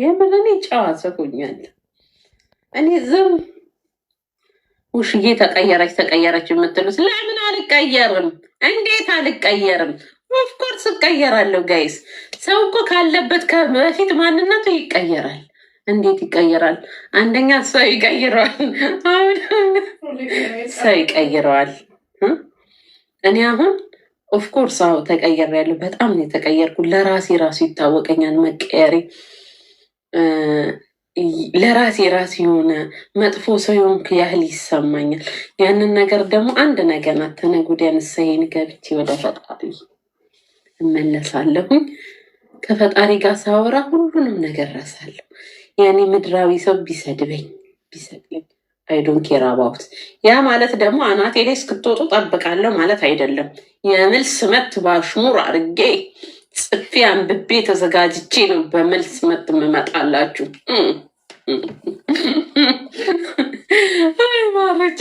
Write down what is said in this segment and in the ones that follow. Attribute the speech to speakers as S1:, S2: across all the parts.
S1: የምር እኔ ጨዋ አድርጎኛል። እኔ ዝም ውሽዬ ተቀየረች ተቀየረች የምትሉት ለምን አልቀየርም? እንዴት አልቀየርም? ኦፍኮርስ እቀየራለሁ ጋይስ። ሰው እኮ ካለበት በፊት ማንነቱ ይቀየራል። እንዴት ይቀየራል? አንደኛ ሰው ይቀይረዋል። ሰው ይቀይረዋል። እኔ አሁን ኦፍኮርስ አዎ ተቀየር ያለሁ በጣም ነው የተቀየርኩ። ለራሴ ራሱ ይታወቀኛል መቀየሬ ለራሴ ራሴ የሆነ መጥፎ ሰው የሆንክ ያህል ይሰማኛል። ያንን ነገር ደግሞ አንድ ነገር ናት። ተነገ ወዲያ ገብቼ ወደ ፈጣሪ እመለሳለሁኝ። ከፈጣሪ ጋር ሳወራ ሁሉንም ነገር ረሳለሁ። ያኔ ምድራዊ ሰው ቢሰድበኝ ቢሰድበኝ አይዶን ኬር አባውት። ያ ማለት ደግሞ አናቴ ላይ እስክትወጡ ጠብቃለሁ ማለት አይደለም። የምል ስመት ባሽሙር አርጌ ጽፌ አንብቤ ተዘጋጅቼ ነው በመልስ መጥ እመጣላችሁ። ማሮች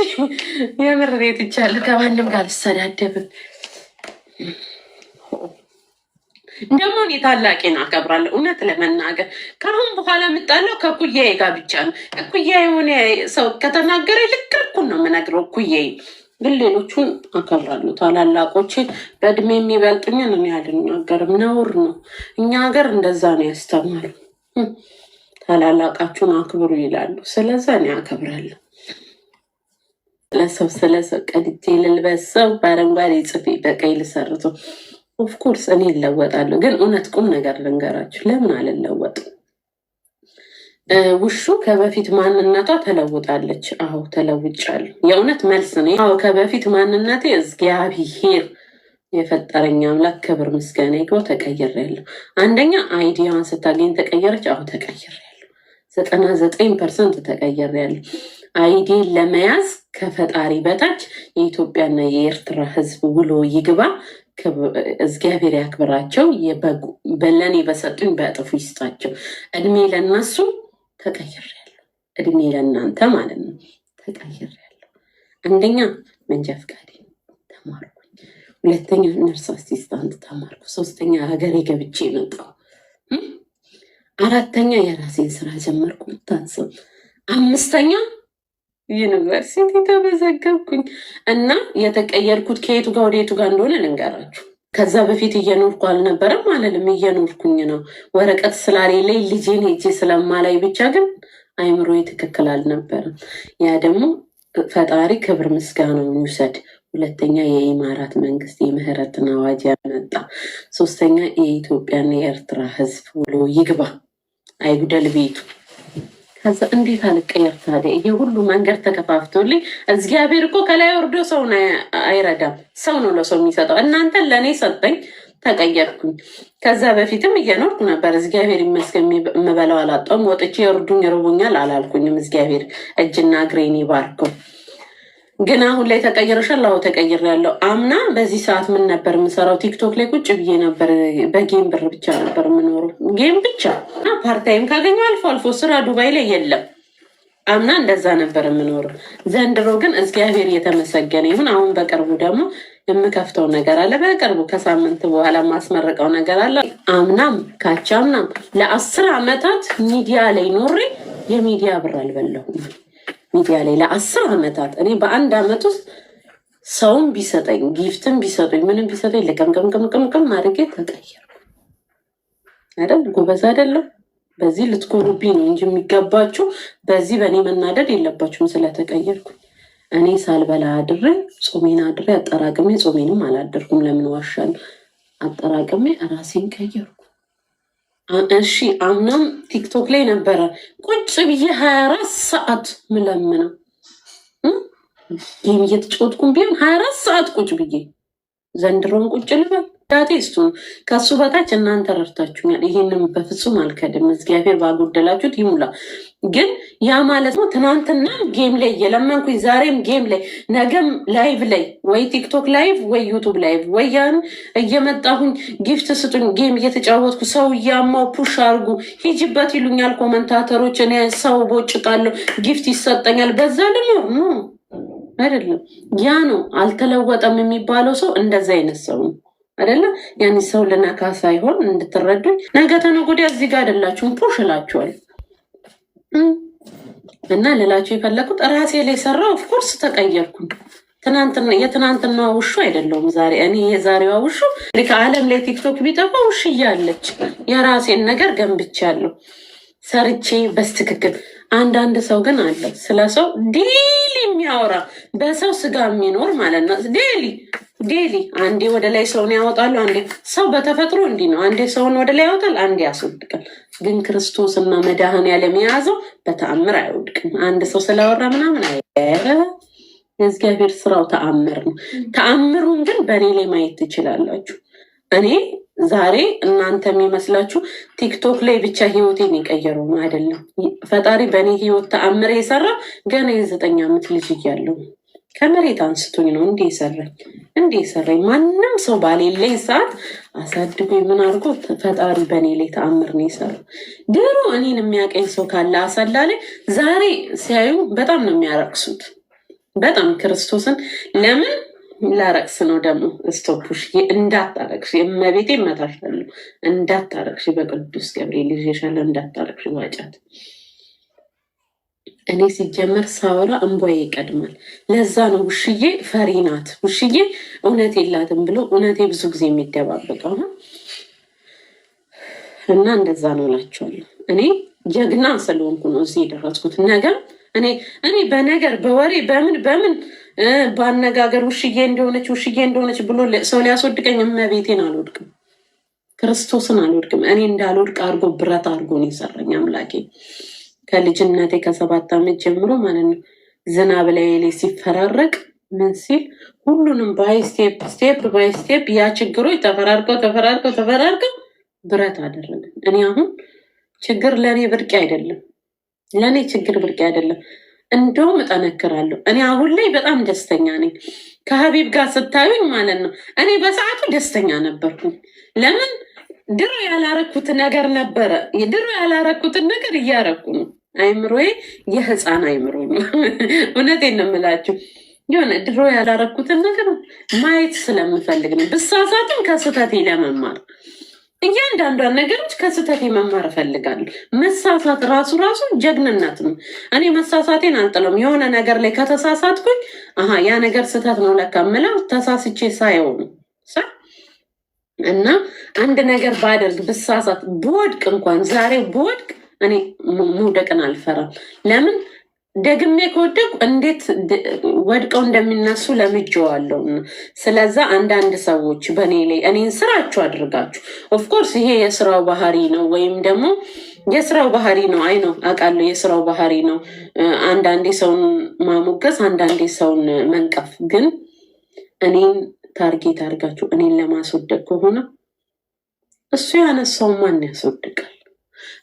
S1: የምር ቤት ይቻል ከማንም ጋር ልሰዳደብም ደግሞ እኔ ታላቄን አከብራለሁ። እውነት ለመናገር ከአሁን በኋላ የምጣለው ከኩያዬ ጋር ብቻ ነው። ኩያ የሆነ ሰው ከተናገረ ልክ ልኩን ነው የምነግረው ኩያዬ ግን ሌሎቹን አከብራለሁ። ታላላቆቼ በእድሜ የሚበልጥኝን እኔ አልናገርም፣ ነውር ነው። እኛ ሀገር እንደዛ ነው ያስተማሩ። ታላላቃችሁን አክብሩ ይላሉ። ስለዛ እኔ አከብራለሁ። ለሰው ስለሰው ቀድጄ ልልበስ በአረንጓዴ ጽፌ በቀይ ልሰርቶ ኦፍኮርስ እኔ እለወጣለሁ። ግን እውነት ቁም ነገር ልንገራችሁ፣ ለምን አልለወጥም? ውሹ ከበፊት ማንነቷ ተለውጣለች። አዎ ተለውጫለሁ። የእውነት መልስ ነው። አዎ ከበፊት ማንነቴ እግዚአብሔር የፈጠረኝ አምላክ ክብር ምስጋና ይግባው ተቀይሬያለሁ። አንደኛ አይዲያዋን ስታገኝ ተቀየረች። አዎ ተቀይሬያለሁ። ዘጠና ዘጠኝ ፐርሰንት ተቀይሬያለሁ። አይዲ ለመያዝ ከፈጣሪ በታች የኢትዮጵያና የኤርትራ ሕዝብ ውሎ ይግባ። እግዚአብሔር ያክብራቸው። በለኔ በሰጡኝ በእጥፉ ይስጣቸው። እድሜ ለነሱ ተቀይሬያለሁ። እድሜ ለእናንተ ማለት ነው። ተቀይሬያለሁ። አንደኛ መንጃ ፍቃድ ተማርኩኝ፣ ሁለተኛ ነርስ አሲስታንት ተማርኩ፣ ሶስተኛ ሀገሬ ገብቼ መጣሁ፣ አራተኛ የራሴን ስራ ጀመርኩ። ታንስም አምስተኛ ዩኒቨርሲቲ ተመዘገብኩኝ እና የተቀየርኩት ከየቱ ጋር ወደ የቱ ጋር እንደሆነ ልንገራችሁ። ከዛ በፊት እየኖርኩ አልነበረም አለልም፣ እየኖርኩኝ ነው። ወረቀት ስላሌለኝ ልጄን ሄጄ ስለማላይ ብቻ ግን አይምሮ ትክክል አልነበረም። ያ ደግሞ ፈጣሪ ክብር ምስጋናውን ይውሰድ። ሁለተኛ የኢማራት መንግስት የምህረትን አዋጅ ያመጣ፣ ሶስተኛ የኢትዮጵያና የኤርትራ ህዝብ ውሎ ይግባ አይጉደል ቤቱ። ከዛ እንዴት አልቀየር ታዲያ? ይሄ ሁሉ መንገድ ተከፋፍቶልኝ። እግዚአብሔር እኮ ከላይ ወርዶ ሰውን አይረዳም። ሰው ነው ለሰው የሚሰጠው። እናንተን ለእኔ ሰጠኝ፣ ተቀየርኩኝ። ከዛ በፊትም እየኖርኩ ነበር። እግዚአብሔር ይመስገን የምበላው አላጣሁም። ወጥቼ እርዱኝ፣ ርቦኛል አላልኩኝም። እግዚአብሔር እጅና እግሬን ይባርከው። ግን አሁን ላይ ተቀይረሻል? አዎ ተቀይር ያለው አምና በዚህ ሰዓት ምን ነበር የምሰራው? ቲክቶክ ላይ ቁጭ ብዬ ነበር። በጌም ብር ብቻ ነበር የምኖረው፣ ጌም ብቻ እና ፓርታይም ካገኘው አልፎ አልፎ ስራ ዱባይ ላይ የለም። አምና እንደዛ ነበር የምኖረው። ዘንድሮ ግን እግዚአብሔር እየተመሰገነ ይሁን። አሁን በቅርቡ ደግሞ የምከፍተው ነገር አለ። በቅርቡ ከሳምንት በኋላ የማስመረቀው ነገር አለ። አምናም ካቻ አምናም ለአስር ዓመታት ሚዲያ ላይ ኖሬ የሚዲያ ብር አልበላሁም። ሚዲያ ላይ ለአስር ዓመታት እኔ በአንድ ዓመት ውስጥ ሰውም ቢሰጠኝ ጊፍትም ቢሰጠኝ ምንም ቢሰጠኝ ለቀምቀምቀምቀምቀም አድርጌ ተቀየር አይደል ጎበዝ አይደለም። በዚህ ልትኮሩብኝ ነው እንጂ የሚገባችሁ በዚህ በእኔ መናደድ የለባችሁም። ስለተቀየርኩ እኔ ሳልበላ አድሬ ጾሜን አድሬ አጠራቅሜ ጾሜንም አላደርኩም። ለምን ዋሻል? አጠራቅሜ ራሴን ቀየርኩ። እሺ አምናም ቲክቶክ ላይ ነበረ ቁጭ ብዬ ሀያ አራት ሰዓት ምለምነው ይህም እየተጫወትኩም ቢሆን ሀያ አራት ሰዓት ቁጭ ብዬ ዘንድሮን ቁጭ ልበል ዳቴ እሱ ከሱ በታች እናንተ ረድታችሁኛል። ይህንም በፍጹም አልከድም። እግዚአብሔር ባጎደላችሁት ይሙላ። ግን ያ ማለት ነው ትናንትና ጌም ላይ እየለመንኩኝ ዛሬም ጌም ላይ ነገም ላይቭ ላይ ወይ ቲክቶክ ላይቭ ወይ ዩቱብ ላይቭ ወይ ያን እየመጣሁኝ ጊፍት ስጡኝ፣ ጌም እየተጫወትኩ ሰው እያማው ፑሽ አርጉ ሂጅበት ይሉኛል ኮመንታተሮች። እኔ ሰው ቦጭቃለሁ፣ ጊፍት ይሰጠኛል። በዛ ደግሞ አይደለም ያ ነው አልተለወጠም የሚባለው ሰው እንደዛ አይነት ሰው ነው። አይደለ ያን ሰው ልነካ ሳይሆን እንድትረዱኝ። ነገ ተነገ ወዲያ እዚህ ጋር አይደላችሁም፣ ፑሽ እላችኋል እና ልላችሁ የፈለኩት ራሴ ላይ ሰራው። ኦፍኮርስ ተቀየርኩኝ። የትናንትና ውሹ አይደለውም ዛሬ እኔ የዛሬዋ ውሹ ከአለም ላይ ቲክቶክ ቢጠፋ ውሽ እያለች የራሴን ነገር ገንብቻለሁ ሰርቼ በስትክክል። አንዳንድ ሰው ግን አለ ስለ ሰው ዴሊ የሚያወራ በሰው ስጋ የሚኖር ማለት ነው ዴሊ ዴሊ አንዴ ወደ ላይ ሰውን ያወጣሉ። አንዴ ሰው በተፈጥሮ እንዲህ ነው። አንዴ ሰውን ወደ ላይ ያወጣል፣ አንዴ ያስወድቃል። ግን ክርስቶስና መድኃኔዓለም የያዘው በተአምር አይወድቅም። አንድ ሰው ስላወራ ምናምን አይ የእግዚአብሔር ስራው ተአምር ነው። ተአምሩን ግን በእኔ ላይ ማየት ትችላላችሁ። እኔ ዛሬ እናንተ የሚመስላችሁ ቲክቶክ ላይ ብቻ ህይወቴን የቀየረው አይደለም። ፈጣሪ በእኔ ህይወት ተአምር የሰራ ገና የዘጠኝ ዓመት ልጅ እያለሁ ከመሬት አንስቶኝ ነው እንዲህ ሰራኝ እንዲህ ሰራኝ። ማንም ሰው ባሌለኝ ሰዓት አሳድጎ ምን አድርጎ ፈጣሪ በእኔ ላይ ተአምር ነው የሰራ። ድሮ እኔን የሚያቀኝ ሰው ካለ አሰላ ላይ ዛሬ ሲያዩ በጣም ነው የሚያረቅሱት። በጣም ክርስቶስን ለምን ላረቅስ ነው ደግሞ ስቶፑሽ እንዳታረቅሽ፣ የእመቤቴ እመታሻለሁ፣ እንዳታረቅሽ፣ በቅዱስ ገብርኤል ይዤሻለሁ፣ እንዳታረቅሽ ዋጫት እኔ ሲጀመር ሳወራ እንቧዬ ይቀድማል። ለዛ ነው ውሽዬ ፈሪ ናት፣ ውሽዬ እውነት የላትም ብሎ እውነቴ ብዙ ጊዜ የሚደባበቀው ነው። እና እንደዛ ነው እላቸዋለሁ። እኔ ጀግና ስለሆንኩ ነው እዚህ የደረስኩት። ነገር እኔ እኔ በነገር በወሬ በምን በምን በአነጋገር ውሽዬ እንደሆነች ውሽዬ እንደሆነች ብሎ ሰው ሊያስወድቀኝ እመቤቴን አልወድቅም፣ ክርስቶስን አልወድቅም። እኔ እንዳልወድቅ አድርጎ ብረት አድርጎ ነው የሰራኝ አምላኬ። ከልጅነቴ ከሰባት ዓመት ጀምሮ ማለት ነው ዝናብ ላይ ሲፈራረቅ ምን ሲል ሁሉንም ባይ ስቴፕ ስቴፕ ባይ ስቴፕ ያ ችግሮች ተፈራርቀው ተፈራርቀው ተፈራርቀው ብረት አደረገ። እኔ አሁን ችግር ለእኔ ብርቅ አይደለም፣ ለእኔ ችግር ብርቅ አይደለም። እንደውም እጠነክራለሁ። እኔ አሁን ላይ በጣም ደስተኛ ነኝ። ከሀቢብ ጋር ስታዩኝ ማለት ነው እኔ በሰዓቱ ደስተኛ ነበርኩኝ። ለምን ድሮ ያላረኩት ነገር ነበረ። ድሮ ያላረኩትን ነገር እያረኩ ነው። አይምሮዬ የህፃን አይምሮ ነው። እውነቴን ነው የምላችሁ። የሆነ ድሮ ያላረኩትን ነገር ማየት ስለምፈልግ ነው። ብሳሳትን ከስህተቴ ለመማር እያንዳንዷን ነገሮች ከስህተቴ መማር እፈልጋለሁ። መሳሳት ራሱ ራሱ ጀግንነት ነው። እኔ መሳሳቴን አልጥለም። የሆነ ነገር ላይ ከተሳሳትኩኝ ያ ነገር ስህተት ነው ለካ የምለው ተሳስቼ ነው። እና አንድ ነገር ባደርግ ብሳሳት ብወድቅ እንኳን ዛሬ ብወድቅ እኔ መውደቅን አልፈራም። ለምን ደግሜ ከወደቁ እንዴት ወድቀው እንደሚነሱ ለምጄዋለሁ። ስለዛ አንዳንድ ሰዎች በእኔ ላይ እኔን ስራችሁ አድርጋችሁ ኦፍኮርስ ይሄ የስራው ባህሪ ነው ወይም ደግሞ የስራው ባህሪ ነው። አይ ነው አውቃለሁ፣ የስራው ባህሪ ነው። አንዳንዴ ሰውን ማሞገስ፣ አንዳንዴ ሰውን መንቀፍ ግን እኔን ታርጌት አድርጋችሁ እኔን ለማስወደቅ ከሆነ እሱ ያነሳው ማን ያስወድቃል?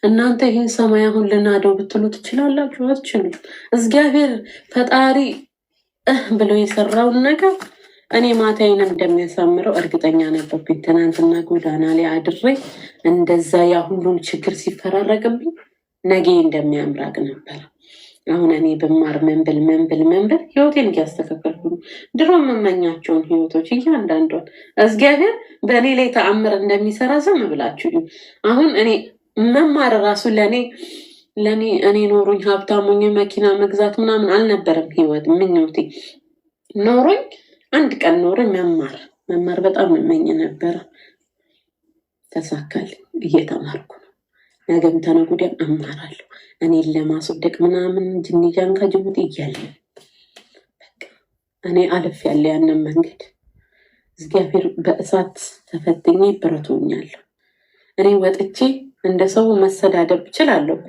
S1: እናንተ ይህን ሰማይ አሁን ልናደው ብትሉ ትችላላችሁ? አትችሉም። እግዚአብሔር ፈጣሪ ብሎ የሰራውን ነገር እኔ ማታዬን እንደሚያሳምረው እርግጠኛ ነበርኩኝ። ትናንትና ጎዳና ላይ አድሬ እንደዛ ያ ሁሉን ችግር ሲፈራረቅብኝ ነገ እንደሚያምራቅ ነበር። አሁን እኔ ብማር መንብል መንብል መንብል ህይወቴን እያስተካከልኩ ነው። ድሮ የምመኛቸውን ህይወቶች እያንዳንዷን እግዚአብሔር በእኔ ላይ ተአምር እንደሚሰራ ዝም ብላችሁ አሁን እኔ መማር ራሱ ለእኔ ለእኔ እኔ ኖሮኝ ሀብታሙኝ መኪና መግዛት ምናምን አልነበረም ህይወት ምኞቴ ኖሮኝ አንድ ቀን ኖሮኝ መማር መማር በጣም እመኝ ነበረ። ተሳካል እየተማርኩ ነገም ተነገ ወዲያም እማራለሁ። እኔን ለማስወደቅ ምናምን ጅንጃን ከጅቡቲ እያለ እኔ አለፍ ያለ ያንን መንገድ እግዚአብሔር በእሳት ተፈትኝ ብረቶኛለሁ። እኔ ወጥቼ እንደ ሰው መሰዳደብ እችላለሁ፣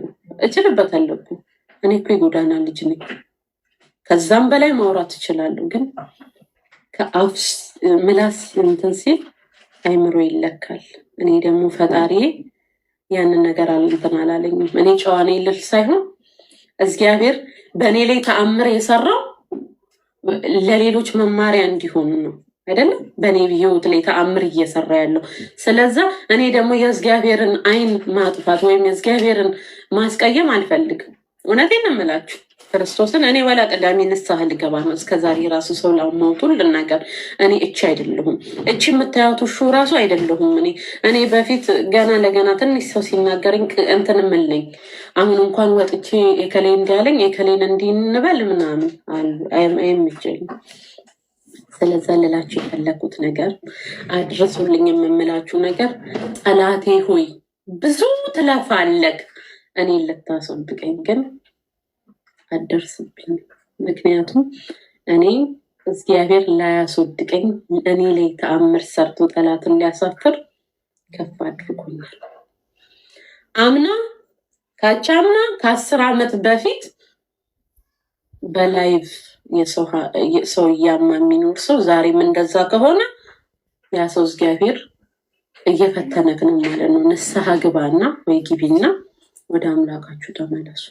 S1: እችልበታለሁ። እኔ እኮ የጎዳና ልጅ ነኝ። ከዛም በላይ ማውራት እችላለሁ። ግን ከአፍ ምላስ እንትን ሲል አይምሮ ይለካል። እኔ ደግሞ ፈጣሪዬ ያንን ነገር እንትን አላለኝም። እኔ ጨዋኔ ልል ሳይሆን እግዚአብሔር በእኔ ላይ ተአምር የሰራው ለሌሎች መማሪያ እንዲሆኑ ነው አይደለም በእኔ ህይወት ላይ ተአምር እየሰራ ያለው። ስለዛ እኔ ደግሞ የእግዚአብሔርን አይን ማጥፋት ወይም የእግዚአብሔርን ማስቀየም አልፈልግም። እውነቴን እምላችሁ ክርስቶስን እኔ ወላ ቀዳሚ ንስሐ ልገባ ነው። እስከዛሬ ራሱ ሰው ላማውቱን ልናገር እኔ እቺ አይደለሁም፣ እቺ የምታያቱ ሹ ራሱ አይደለሁም። እኔ እኔ በፊት ገና ለገና ትንሽ ሰው ሲናገረኝ እንትን ምልኝ አሁን እንኳን ወጥቼ የከሌን እንዲያለኝ የከሌን እንዲንበል ምናምን አይምችል። ስለዛ ልላችሁ የፈለኩት ነገር አድርሱልኝ የምምላችሁ ነገር ጠላቴ ሆይ ብዙ ትለፋለግ እኔ ልታስወብቀኝ ግን አደርስብኝ። ምክንያቱም እኔ እግዚአብሔር ላያስወድቀኝ እኔ ላይ ተአምር ሰርቶ ጠላትን ሊያሳፍር ከፍ አድርጎኛል። አምና ካቻምና ከአስር ዓመት በፊት በላይቭ ሰው እያማ የሚኖር ሰው ዛሬም እንደዛ ከሆነ ያ ሰው እግዚአብሔር እየፈተነክ ነው ማለት ነው። ንስሐ ግባና ወይ ግቢና ወደ አምላካችሁ ተመለሱ።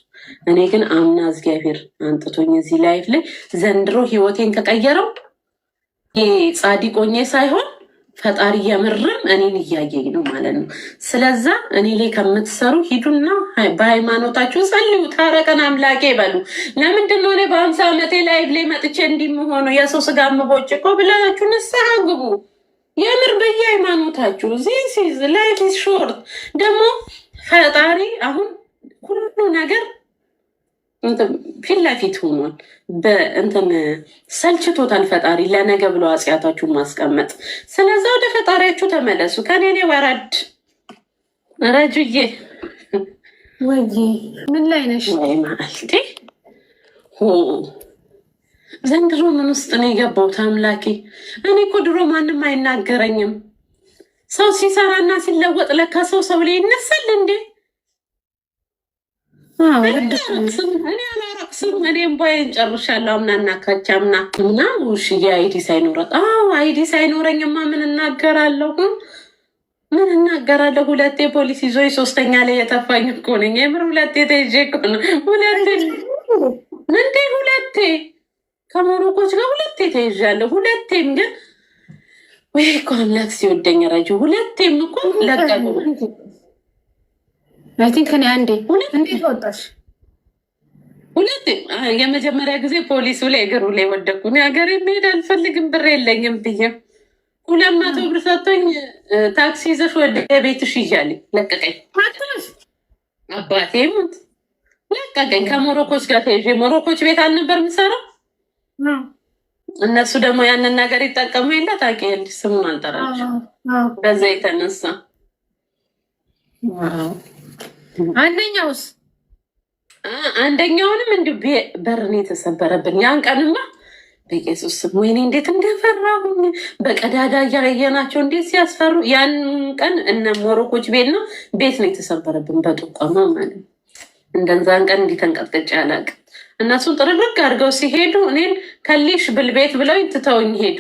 S1: እኔ ግን አምና እግዚአብሔር አንጥቶኝ እዚህ ላይፍ ላይ ዘንድሮ ህይወቴን ከቀየረው ጻዲቆኜ ሳይሆን ፈጣሪ የምርም እኔን እያየኝ ነው ማለት ነው። ስለዛ እኔ ላይ ከምትሰሩ ሂዱና በሃይማኖታችሁ ጸልዩ፣ ታረቀን አምላኬ በሉ። ለምንድን ነው እኔ በአምሳ ዓመቴ ላይፍ ላይ መጥቼ እንዲምሆኑ የሰው ስጋ ምቦጭ እኮ ብላችሁ ንስሐ ግቡ። የምር በየሃይማኖታችሁ ዚስ ላይፍ ሾርት ደግሞ ፈጣሪ አሁን ሁሉ ነገር ፊት ለፊት ሆኗል። በእንትን ሰልችቶታል ፈጣሪ ለነገ ብሎ አጽያታችሁን ማስቀመጥ። ስለዚ ወደ ፈጣሪያችሁ ተመለሱ። ከኔኔ ወረድ ረጅዬ ወይ ምን ላይ ነሽ?
S2: ማለቴ ዘንድሮ ምን ውስጥ ነው የገባው? አምላኬ እኔ እኮ ድሮ ማንም አይናገረኝም ሰው ሲሰራና ሲለወጥ ለካ ሰው ሰው ላይ ይነሳል እንዴ? እኔ አላረቅስም። እኔም ባይን ጨርሻለሁ። አምና እናካቻ ምና ምና ውሽዬ አይዲ ሳይኖረቅ አይዲ ሳይኖረኝማ ምን እናገራለሁ? ምን እናገራለሁ? ሁለቴ ፖሊስ ይዞ ሶስተኛ ላይ የተፋኝ እኮ ነኝ። የምር ሁለቴ ተይዤ እኮ ነው። ሁለቴ እንዴ ሁለቴ ከሞሮኮች ጋር ሁለቴ ተይዣለሁ። ሁለቴም ግን ወይ ኮላክ ሲወደኝ ረጅ ሁለቴም እኮ ለቀቁ። አይ ቲንክ እኔ አንዴ እንዴት ወጣሽ? ሁለቴ የመጀመሪያ ጊዜ ፖሊሱ ላይ እግሩ ላይ ወደቁ። ሀገር መሄድ አልፈልግም ብር የለኝም ብዬ ሁለት መቶ ብር ሰጥቶኝ ታክሲ ይዘሽ ወደ ቤትሽ እያለኝ ለቀቀኝ። አባቴ ሙት ለቀቀኝ። ከሞሮኮች ጋር ተይዤ ሞሮኮች ቤት አልነበር ምሰራው እነሱ ደግሞ ያንን ነገር ይጠቀሙ የለ ታውቂያለሽ። ስሙን አልጠራቸው በዛ የተነሳ አንደኛውስ አንደኛውንም እንዲሁ በርን የተሰበረብን ያን ቀንማ በኢየሱስ ስም ወይኔ እንዴት እንደፈራሁኝ በቀዳዳ እያለየናቸው እንዴት ሲያስፈሩ። ያን ቀን እነ ሞሮኮች ቤት ነው ቤት ነው የተሰበረብን በጠቋማ ማለት እንደዛን ቀን እንዲተንቀጥቀጭ አላውቅም። እነሱን ጥርግርግ አድርገው ሲሄዱ እኔን ከሊሽ ብልቤት ብለው ትተውኝ ሄዱ።